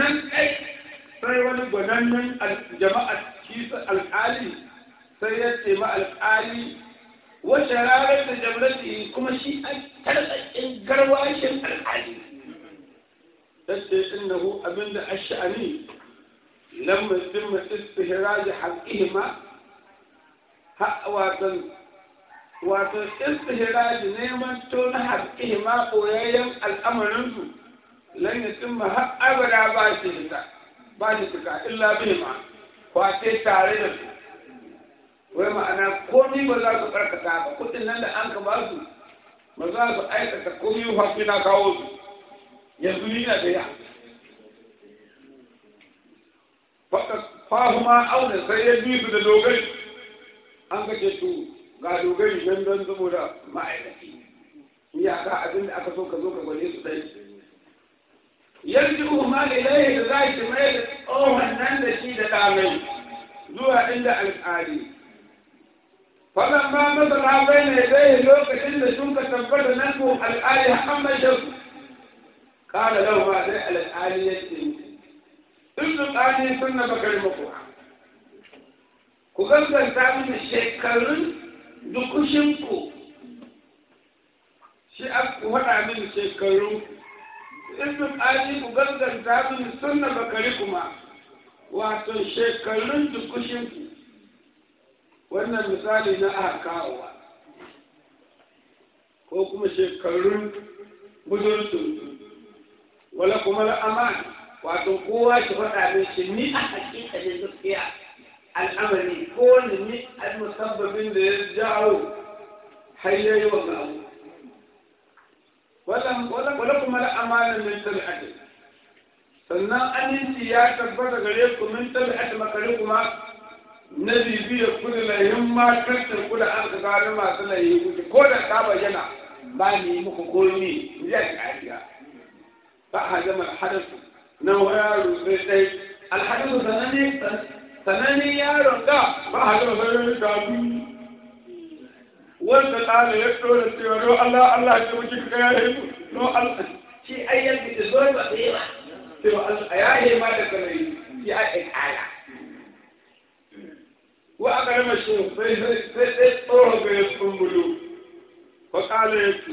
nan kai sai wani gwanannen jama'a kisa alƙali sai ya ce ma alƙali wacce ranar da jamlati kuma shi an tarzakin garwashin alƙali tace innahu abinda ash'ani lamma yutimma istihraj haqqihima ha watan wato istihraj neman to na haqqihima koyayyen al'amarin su lan yutimma har abada ba shi cika ba shi cika illa bihi ma kwace tare da su wai ma'ana ko ni ba za su karkata ba kudin nan da an ka ba su ba za su aikata komi ba su na kawo su yanzu ni na da ya fahuma auna sai ya bi su da dogari an ka ce su ga dogari nan don saboda ma'aikaci ya iyaka abin da aka so ka zo ka gwane su dai يلجئه ما إليه لذلك mai أو هنان da shi da ɗamai zuwa inda al'adi faɗan ba masana bai na ɗaya lokacin da sun ka tabbata nan ko al'adi hamar da su ƙara lau ma dai al'adi ya ce in su ƙani sun na bakar muku ku gaskanta mini shekarun dukushinku shi a waɗa mini shekarunku ibn ali ku gaskanta min sunna bakari kuma wato shekarun dukushin wannan misali na aka kawowa ko kuma shekarun sun? wala kuma la'aman wato kowa shi faɗa da shi ni a hakika ne gaskiya al'amari ko ni ni al musabbabin da ya jawo har wa wannan ولكم الأمانة من تبعته sannan aminci ya tabbata gare ku min tabi'at makarikuma na bibiyar ku da layin makarta ku da an gano masu layi kuke ko da ta bayyana ba ni muku komi ya ci ajiya ba a zama alhadasu na wani sai dai alhadasu sananne yaron ga ba a zama sananne wanda ɗana ya ɗora cewa no Allah Allah ya muke ka yaye mu no Allah shi ayyan bi da zuwa ba sai ba sai ba Allah yaye ma da kana yi shi a ƙala wa aka rama shi sai sai sai tsoro ga ya kumbulu ko ƙala ya ce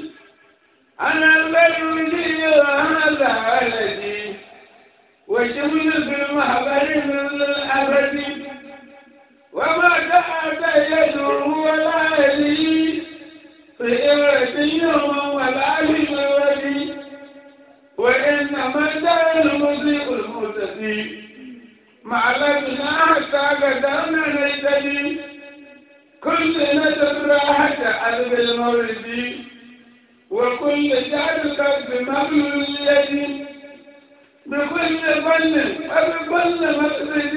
ana lalluji wa ana lalluji wa shi mun zulma habarin abadi وما تعد يده ولا يدي فإن رسيهم ولا بالولي وإنما دار المسيء المتسيء معلمنا حتى قدرنا نجتدي كل نجر راحة قلب المولد وكل شعر قلب مغلول الذي بكل فن وبكل مقصد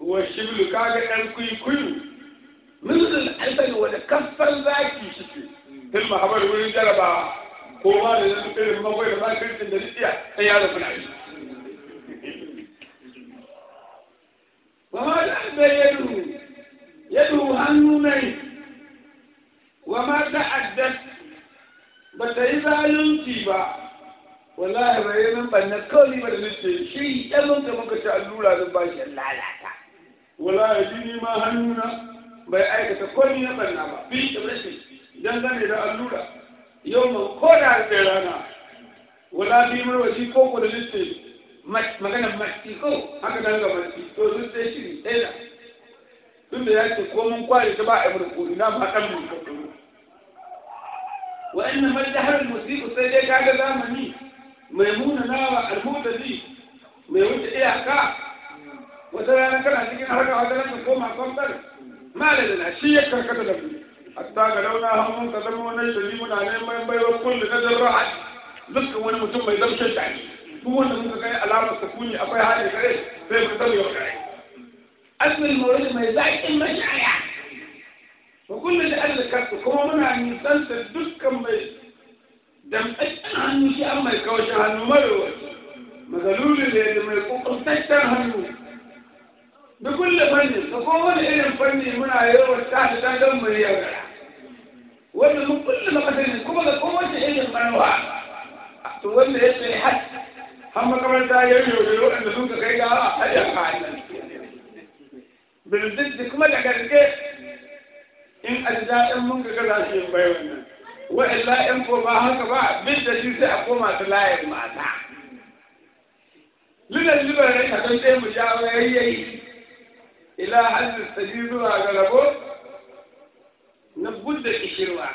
والشبل كاجا دان كوي كوي مثل الحسن والكف الباكي شكي تلما حبر وين جربا كوما لن تكلم ما بين ما كنت نديا يا رب العالمين وهذا يده يده هنوني وما تعدت بتيزا ينتي با wallahi bai nan ban na kawai ba da nake shi dan wala ya ji ma hannuna bai aikata kwani na banna ba bi da rashin dangane da allura yau man koda da rana wala bi marwashi ko ko da listin maganar masti ko haka danga masti to sun sai shiri ɗaya tun da ya ce ko mun kwari ta ba a yi murkuri na ba ɗan mun kwakwaro wa inna majahar musiku sai dai kaga zamani mai muna nawa almutazi mai wuce iyaka wata rana kana cikin harkar adalan ko ma kwamfar malamin shi ya karkata da mu hatta ga launa hannun ka zama wani shari muna neman baiwar kullu na zarra'a dukkan wani mutum mai zarfin da duk wanda muka kai alamar sukuni akwai hali kare sai mu zama yau kare asmin mawari mai zaƙin mashaya wa kullu da arzikar kuma muna nisanta dukkan mai damtsakken hannu shi an mai kawashin hannu mara wani mazalulin da mai kokuntaccen hannu بكل فن فكون علم فني منا يوم تحت تندم مريم ولا من كل ما قدرنا كم ده كم وش علم منوع تقول لي إيش الحد هم كمان تايم يقولوا إن سوق كيجا هيا معنا بالضد كم ده كان آه، كيف إن أجزاء من كذا شيء بيوننا وإلا إن فما هكذا بالدليل سأقوم أتلاعب ما ذا لنا اللي بنحكي عن تيم جاوا هي إلى حد السديد وأغلبوه نبود الإشيرواء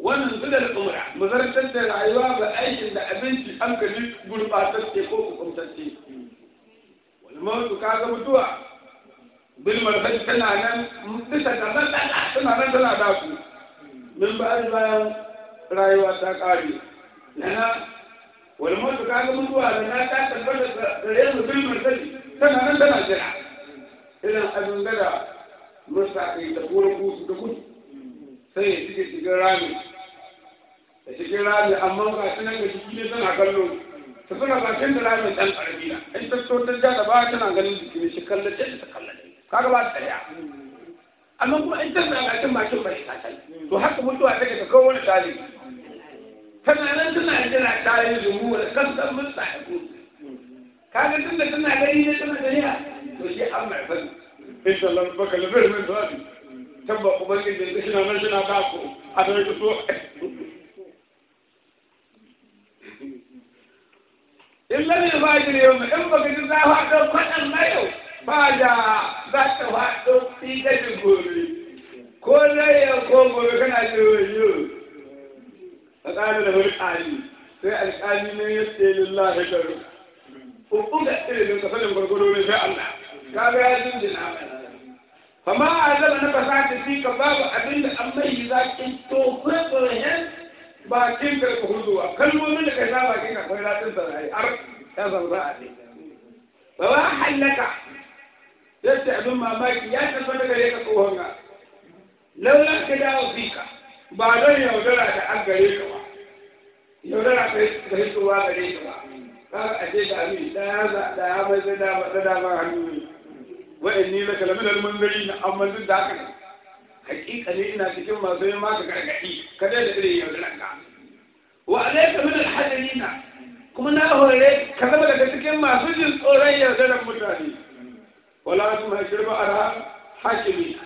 ومن قد الأمرع مدرسة العيواء بأيش إذا أبنت أمك جيت قول قاتل تيخوك وكم تلتين والموت كاغا مدوع بالمرحل كنانا مدتا تغلط على أحسن على رجل عداكو من بعد ما العيواء تاكاري لنا والموت كاغا مدوع لنا تاكا تبدأ تغلط على رجل عداكو irin abin gada musaƙi da kuma kusu da kudu sai ya cike shiga rami da cikin rami amma ga shi nan ga jiki ne tana kallo ta suna bakin da rami ɗan ƙarfi na in ta so ta ja da ba tana ganin jiki ne shi kallon ta ta kallon kaga ba ta amma kuma in ta tsaya bakin bakin ba shi ta kai to haka mutuwa take ta kawo wani tsari tana nan tana jira tare da zumuwa da kan san mun tsaya kaga tunda tana gani ne tana gani shi an mai fari insha Allah baka lafiyar min fadi tabba ubangiji da shi na nan shi na ba ku a da so in lam yufajir yawma in baka ji za faɗo kwaɗan na yau ba da za ta faɗo ɗiɗaɗin gobe ko zai yau ko gobe kana ce wayo a tsara da wani ƙari sai alƙali ne ya ce lillahi garu ko kuma da irin da kafalin gwargwaro ne sai Allah kaga ya jinjina amma a zala na fasata shi ka babu abin da an mai zaƙin to furfuren bakin ka ka huzuwa kalmomin da ka sa bakin ka kai latin da rai ar ta zanza a ne ba ba hallaka yace abin mamaki ya tafi daga gare ka tsohon ga laulan ka dawo fika ba don yaudara da an gare ka ba yaudara ka yi tsowa gare ka ba kaga aje ce da abin da ya za da ya mai zai da dama hannu وإني لك لمن المنذرين أما ضد هكذا حقيقة لنا تجمع ما زي ما تقعدي كذا لدري يولنك وعليك من الحذرين كما نهو إليك كذا لك تجمع ما سجل أولي يولنك مجاني ولا تمهى شرب أرها حاكمين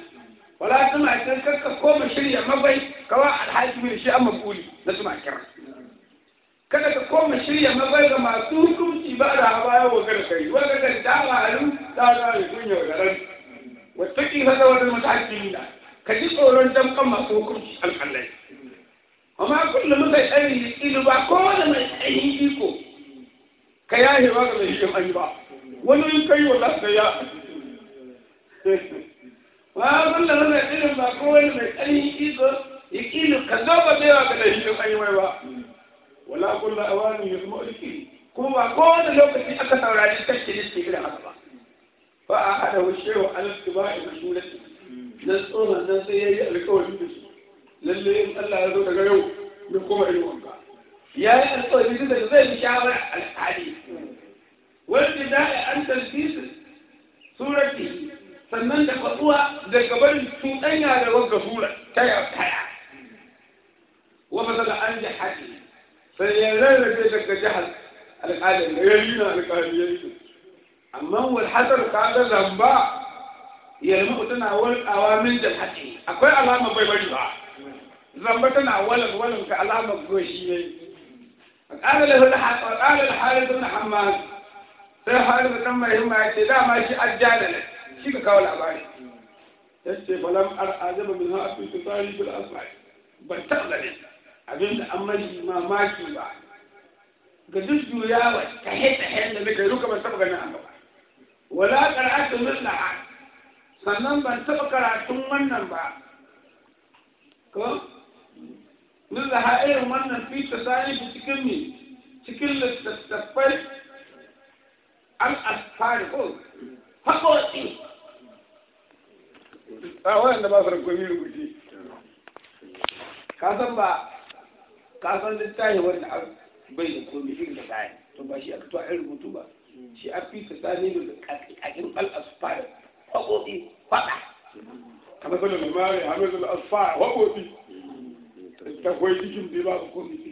ولا تمهى تنكك قوم شريع مبي كواحد حاكمين شيء مفقولي نسمع كرس kada ka koma shirya mabai ga masu hukunci ba da hawa yawo garkari wanda kan dama halin tsara da kunya wa garan wata ki haɗa wata matakin da ka ji tsoron damkan masu hukunci alƙalai amma kullum muka yi da ilu ba wani mai tsayin iko ka yahe ba ka mai shi mai ba wani yin kai wa lafiya ya ba kullum muka yi ilu ba kowane mai tsayin iko ikilu ka zo ba bai wa ga mai shi mai ba ولا كل أوان يسمو لكي كوا كون لوك في أكثر على الكشف لسي إلى أصبع فأحد هو الشيء على اتباع مشمولة نسأل الناس يأركوا الجنس للي يسأل الله عزوك غيو من قمع الوقع يا أصبع يجب أن يزيل شعر الحديث والبداء أن تلتيس سورتي سمنت قطوة في سوءين على وقع سورة كيف حياتي فيلاقي بيتك جحد الحالم يلينا القهريين أما هو الحسن قال الأنباء يلمو تنا أول أوامن الحكي أكوي علامة بيبجوا زنبا تنا أولا أولا كعلامة بوشيين قال له قال الحارث بن حماد sai harin nan mai himma ya ce dama shi ajjana ne shi ka kawo labari ya ce balam al'azaba min ha'afi su tsari bil asma'i ban taɓa ganin abin da an mari mamaki ba ga duk wa ta hita hen da muka ruka ban taɓa ganin ba wala qara'atu mislaha sannan ban taɓa karatun wannan ba ko da irin wannan fi tasarifu cikin ne cikin littattafai al-asfari ko haƙoƙi a ah, waɗanda ba su da gomi ka san ba ka san littafi wanda bai da komai shi da tsari to ba shi aka to a rubutu ba shi a fi ta sani da kakin al'asfar kwakwoti faɗa kamar sanar da mara da al'asfar kwakwoti ta kwaye cikin bai ba komai